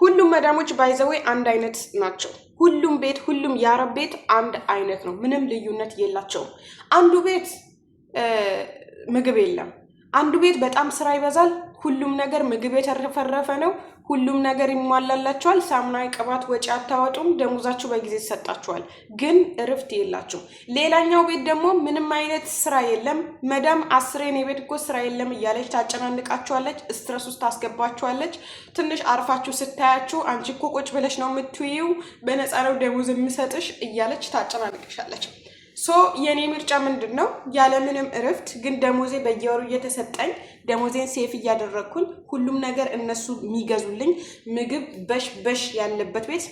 ሁሉም መዳሞች ባይዘዌ አንድ አይነት ናቸው። ሁሉም ቤት ሁሉም የአረብ ቤት አንድ አይነት ነው። ምንም ልዩነት የላቸውም። አንዱ ቤት ምግብ የለም። አንዱ ቤት በጣም ስራ ይበዛል። ሁሉም ነገር ምግብ የተረፈረፈ ነው። ሁሉም ነገር ይሟላላችኋል። ሳሙናዊ ቅባት ወጪ አታወጡም። ደሞዛችሁ በጊዜ ይሰጣችኋል፣ ግን እርፍት የላችሁ። ሌላኛው ቤት ደግሞ ምንም አይነት ስራ የለም። መዳም አስሬን የቤት እኮ ስራ የለም እያለች ታጨናንቃችኋለች፣ ስትረስ ውስጥ ታስገባችኋለች። ትንሽ አርፋችሁ ስታያችሁ አንቺ እኮ ቁጭ ብለሽ ነው የምትውይው፣ በነፃ ነው ደሞዝ የምሰጥሽ እያለች ታጨናንቅሻለች። ሶ የእኔ ምርጫ ምንድን ነው? ያለምንም እረፍት ግን ደሞዜ በየወሩ እየተሰጠኝ ደሞዜን ሴፍ እያደረግኩኝ ሁሉም ነገር እነሱ የሚገዙልኝ ምግብ በሽ በሽ ያለበት ቤት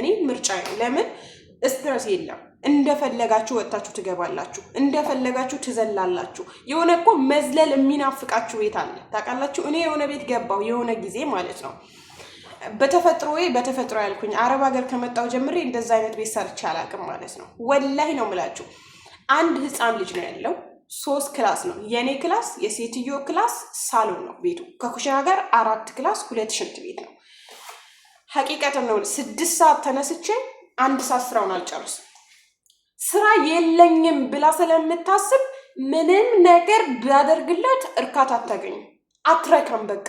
እኔ ምርጫ ለምን ስትረስ የለም። እንደፈለጋችሁ ወጥታችሁ ትገባላችሁ፣ እንደፈለጋችሁ ትዘላላችሁ። የሆነ እኮ መዝለል የሚናፍቃችሁ ቤት አለ ታውቃላችሁ። እኔ የሆነ ቤት ገባሁ የሆነ ጊዜ ማለት ነው በተፈጥሮ በተፈጥሮ ያልኩኝ አረብ ሀገር ከመጣው ጀምሬ እንደዛ አይነት ቤት ሰርቼ አላውቅም ማለት ነው። ወላሂ ነው የምላችሁ። አንድ ህፃን ልጅ ነው ያለው። ሶስት ክላስ ነው የእኔ ክላስ፣ የሴትዮ ክላስ፣ ሳሎን ነው ቤቱ። ከኩሽና ጋር አራት ክላስ፣ ሁለት ሽንት ቤት ነው። ሀቂቀት ነው። ስድስት ሰዓት ተነስቼ አንድ ሰዓት ስራውን አልጨርስም። ስራ የለኝም ብላ ስለምታስብ ምንም ነገር ቢያደርግላት እርካታ አታገኝም። አትረካም። በቃ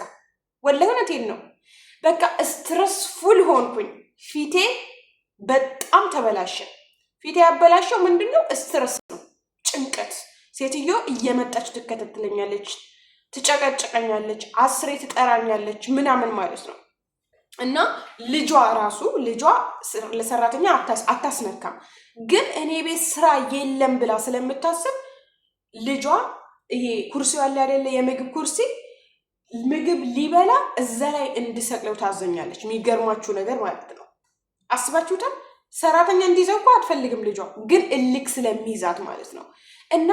ወላሂ እውነቴን ነው። በቃ ስትረስፉል ሆንኩኝ። ፊቴ በጣም ተበላሸ። ፊቴ ያበላሸው ምንድን ነው? ስትረስ ነው፣ ጭንቀት። ሴትዮ እየመጣች ትከታተለኛለች፣ ትጨቀጨቀኛለች፣ አስሬ ትጠራኛለች ምናምን ማለት ነው። እና ልጇ ራሱ ልጇ ለሰራተኛ አታስነካም፣ ግን እኔ ቤት ስራ የለም ብላ ስለምታስብ ልጇ ይሄ ኩርሲ ያለ አይደለ የምግብ ኩርሲ ምግብ ሊበላ እዛ ላይ እንድሰቅለው ታዘኛለች። የሚገርማችሁ ነገር ማለት ነው። አስባችሁታል? ሰራተኛ እንዲይዘው እኮ አትፈልግም ልጇ፣ ግን እልክ ስለሚይዛት ማለት ነው። እና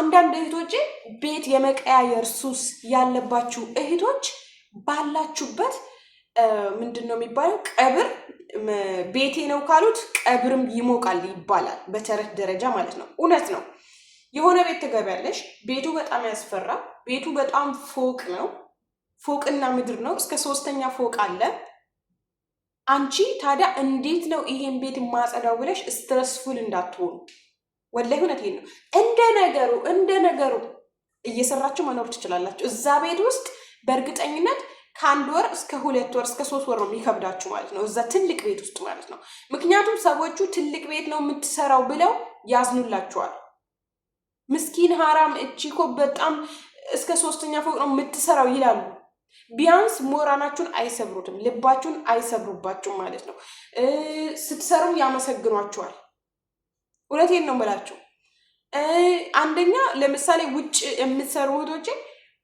አንዳንድ እህቶች ቤት የመቀያየር ሱስ ያለባችሁ እህቶች ባላችሁበት ምንድን ነው የሚባለው? ቀብር ቤቴ ነው ካሉት ቀብርም ይሞቃል ይባላል፣ በተረት ደረጃ ማለት ነው። እውነት ነው። የሆነ ቤት ትገቢያለሽ፣ ቤቱ በጣም ያስፈራ፣ ቤቱ በጣም ፎቅ ነው ፎቅና ምድር ነው። እስከ ሶስተኛ ፎቅ አለ። አንቺ ታዲያ እንዴት ነው ይሄን ቤት ማጸዳው ብለሽ ስትረስፉል እንዳትሆኑ። ወላሂ እውነቴን ነው። እንደ ነገሩ እንደ ነገሩ እየሰራችሁ መኖር ትችላላችሁ። እዛ ቤት ውስጥ በእርግጠኝነት ከአንድ ወር እስከ ሁለት ወር እስከ ሶስት ወር ነው የሚከብዳችሁ ማለት ነው፣ እዛ ትልቅ ቤት ውስጥ ማለት ነው። ምክንያቱም ሰዎቹ ትልቅ ቤት ነው የምትሰራው ብለው ያዝኑላችኋል። ምስኪን ሀራም እቺ እኮ በጣም እስከ ሶስተኛ ፎቅ ነው የምትሰራው ይላሉ። ቢያንስ ሞራናችሁን አይሰብሩትም፣ ልባችሁን አይሰብሩባችሁም ማለት ነው። ስትሰሩም ያመሰግኗችኋል። እውነቴን ነው የምላችሁ። አንደኛ ለምሳሌ ውጭ የምትሰሩ እህቶቼ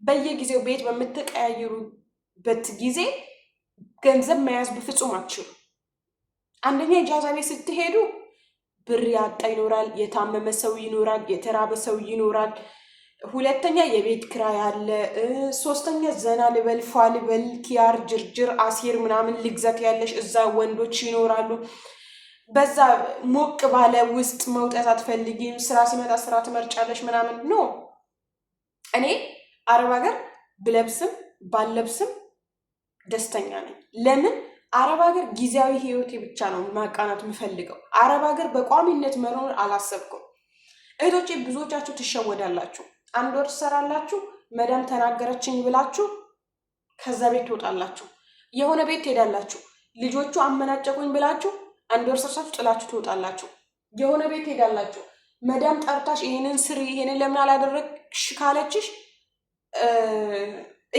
በየጊዜው ቤት በምትቀያየሩበት ጊዜ ገንዘብ መያዝ በፍጹም አትችሉ። አንደኛ ኢጃዛ ቤት ስትሄዱ ብር ያጣ ይኖራል፣ የታመመ ሰው ይኖራል፣ የተራበ ሰው ይኖራል። ሁለተኛ የቤት ክራይ አለ። ሶስተኛ ዘና ልበል ፏ ልበል ኪያር፣ ጅርጅር፣ አሴር ምናምን ልግዛት ያለሽ እዛ ወንዶች ይኖራሉ። በዛ ሞቅ ባለ ውስጥ መውጣት አትፈልጊም። ስራ ሲመጣ ስራ ትመርጫለሽ ምናምን ኖ እኔ አረብ ሀገር ብለብስም ባለብስም ደስተኛ ነኝ። ለምን አረብ ሀገር ጊዜያዊ ህይወቴ ብቻ ነው ማቃናት የምፈልገው። አረብ ሀገር በቋሚነት መኖር አላሰብኩም። እህቶቼ ብዙዎቻችሁ ትሸወዳላችሁ። አንድ ወር ትሰራላችሁ፣ መዳም ተናገረችኝ ብላችሁ ከዛ ቤት ትወጣላችሁ። የሆነ ቤት ትሄዳላችሁ፣ ልጆቹ አመናጨቁኝ ብላችሁ አንድ ወር ሰርሳችሁ ጥላችሁ ትወጣላችሁ። የሆነ ቤት ትሄዳላችሁ፣ መዳም ጠርታሽ ይህንን ስሪ ይሄንን ለምን አላደረግሽ ካለችሽ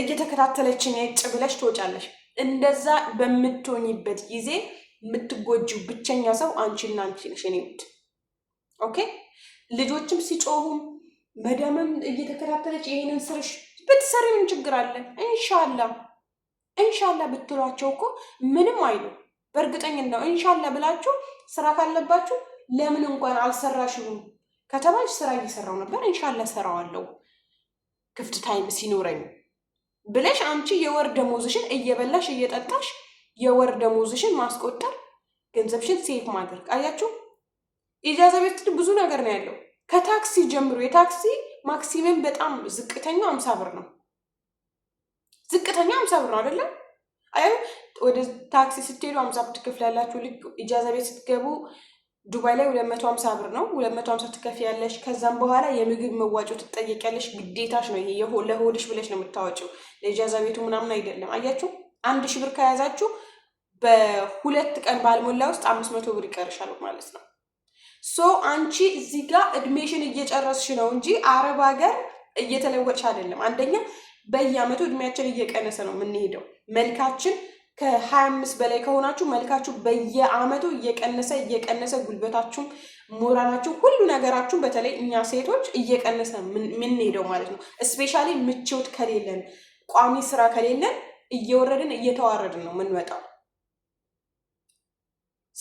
እየተከታተለችን የጭ ብለሽ ትወጫለሽ። እንደዛ በምትሆኝበት ጊዜ የምትጎጂው ብቸኛ ሰው አንቺና አንቺ ነሽ። ኔ ኦኬ ልጆችም ሲጮሁም መዳመም እየተከታተለች ይሄንን ስርሽ ብትሰሪ ምን ችግር አለ? እንሻላ እንሻላ ብትሏቸው እኮ ምንም አይሉ። በእርግጠኝነት ነው እንሻላ ብላችሁ ስራ ካለባችሁ ለምን እንኳን አልሰራሽሁም ከተባች ስራ እየሰራው ነበር እንሻላ ሰራዋለው ክፍት ታይም ሲኖረኝ ብለሽ አንቺ የወር ደሞዝሽን እየበላሽ እየጠጣሽ የወር ደሞዝሽን ማስቆጠር ገንዘብሽን ሴፍ ማድረግ አያችሁ። ኢጃዛ ቤት ብዙ ነገር ነው ያለው። ከታክሲ ጀምሮ የታክሲ ማክሲመም በጣም ዝቅተኛው አምሳ ብር ነው። ዝቅተኛው አምሳ ብር ነው አይደለም? አይ ወደ ታክሲ ስትሄዱ አምሳ ብር ትከፍላላችሁ። ልክ ኢጃዛ ቤት ስትገቡ ዱባይ ላይ ሁለት መቶ ሀምሳ ብር ነው። ሁለት መቶ ሀምሳ ትከፍያለሽ። ከዛም በኋላ የምግብ መዋጮ ትጠየቂያለሽ። ግዴታሽ ነው ይሄ። ለሆድሽ ብለሽ ነው የምታወጪው፣ ለኢጃዛ ቤቱ ምናምን አይደለም። አያችሁ፣ አንድ ሺ ብር ከያዛችሁ በሁለት ቀን ባልሞላ ውስጥ አምስት መቶ ብር ይቀርሻል ማለት ነው። ሶ አንቺ እዚህ ጋር እድሜሽን እየጨረስሽ ነው እንጂ አረብ ሀገር እየተለወጥሽ አይደለም። አንደኛ በየአመቱ እድሜያችን እየቀነሰ ነው የምንሄደው። መልካችን ከሀያ አምስት በላይ ከሆናችሁ መልካችሁ በየአመቱ እየቀነሰ እየቀነሰ ጉልበታችሁም፣ ሞራላችሁ፣ ሁሉ ነገራችሁም በተለይ እኛ ሴቶች እየቀነሰ የምንሄደው ማለት ነው። እስፔሻሊ ምቾት ከሌለን ቋሚ ስራ ከሌለን እየወረድን እየተዋረድን ነው የምንወጣው።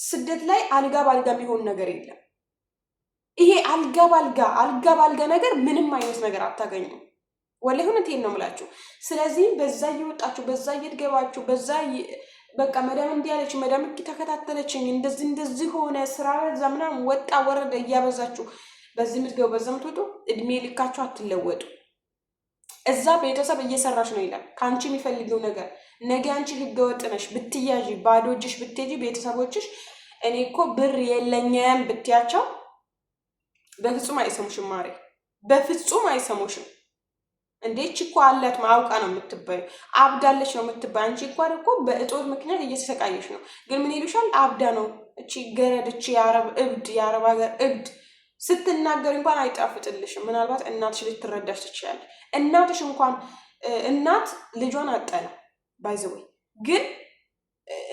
ስደት ላይ አልጋ በአልጋ የሚሆን ነገር የለም። ይሄ አልጋ ባልጋ አልጋ ባልጋ ነገር ምንም አይነት ነገር አታገኙም። ወላሂ እውነቴን ነው የምላችሁ። ስለዚህ በዛ እየወጣችሁ በዛ እየትገባችሁ በዛ በቃ መዳም እንዲያለች መዳም ተከታተለችኝ እንደዚህ እንደዚህ ሆነ ስራ በዛ ምናምን ወጣ ወረደ እያበዛችሁ በዚህ ምትገቡ በዛ ምትወጡ እድሜ ልካችሁ አትለወጡ። እዛ ቤተሰብ እየሰራች ነው ይላል ከአንቺ የሚፈልገው ነገር ነገ አንቺ ህገወጥ ነሽ ብትያዥ ባዶ እጅሽ ብትሄጂ ቤተሰቦችሽ እኔ እኮ ብር የለኝም ብትያቸው በፍጹም አይሰሙሽም ማሬ፣ በፍጹም አይሰሙሽም። እንዴች እኮ አላት ማውቃ ነው የምትባዩ፣ አብዳለች ነው የምትባዩ። አንቺ እኮ እኮ በእጦት ምክንያት እየተሰቃየች ነው። ግን ምን ይሉሻል? አብዳ ነው እቺ ገረድ፣ እቺ የአረብ እብድ፣ የአረብ ሀገር እብድ። ስትናገር እንኳን አይጣፍጥልሽም። ምናልባት እናትሽ ልትረዳሽ ትችላለች። እናትሽ እንኳን እናት ልጇን አጠላ ባይዘወ ግን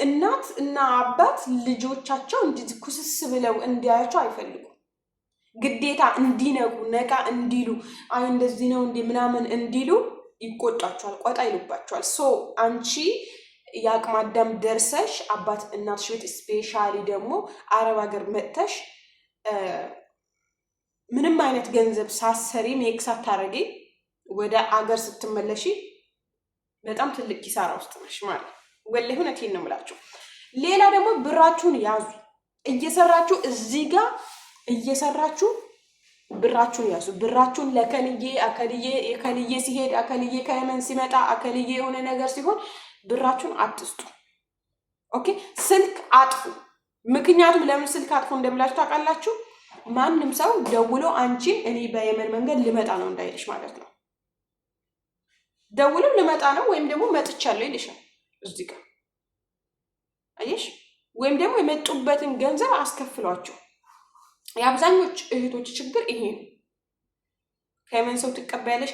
እናት እና አባት ልጆቻቸው እንዲ ኩስስ ብለው እንዲያያቸው አይፈልጉም። ግዴታ እንዲነቁ ነቃ እንዲሉ አይ እንደዚህ ነው እንዲ ምናምን እንዲሉ ይቆጣቸዋል፣ ቆጣ ይሉባቸዋል። ሶ አንቺ የአቅመ አዳም ደርሰሽ አባት እናትሽ ቤት ስፔሻሊ ደግሞ አረብ ሀገር መጥተሽ ምንም አይነት ገንዘብ ሳሰሪ ሜክ ሳታረጊ ወደ አገር ስትመለሺ በጣም ትልቅ ኪሳራ ውስጥ ነሽ ማለት ወላሂ፣ እውነቴን ነው የምላችሁ። ሌላ ደግሞ ብራችሁን ያዙ እየሰራችሁ እዚህ ጋር እየሰራችሁ ብራችሁን ያዙ። ብራችሁን ለከልዬ አከልዬ ከልዬ ሲሄድ አከልዬ ከየመን ሲመጣ አከልዬ የሆነ ነገር ሲሆን ብራችሁን አትስጡ። ኦኬ፣ ስልክ አጥፉ። ምክንያቱም ለምን ስልክ አጥፉ እንደምላችሁ ታውቃላችሁ? ማንም ሰው ደውሎ አንቺን እኔ በየመን መንገድ ልመጣ ነው እንዳይልሽ ማለት ነው። ደውሎም ልመጣ ነው ወይም ደግሞ መጥቻለሁ ይልሻል። እዚህ ጋር አየሽ። ወይም ደግሞ የመጡበትን ገንዘብ አስከፍሏቸው የአብዛኞች እህቶች ችግር ይሄ ነው። ከየመን ሰው ትቀበያለሽ፣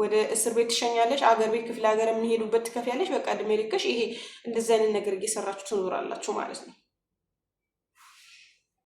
ወደ እስር ቤት ትሸኛለሽ፣ አገር ቤት ክፍለ ሀገር የሚሄዱበት ትከፍያለሽ። በቃ እድሜ ልክሽ ይሄ እንደዚህ አይነት ነገር እየሰራችሁ ትኖራላችሁ ማለት ነው።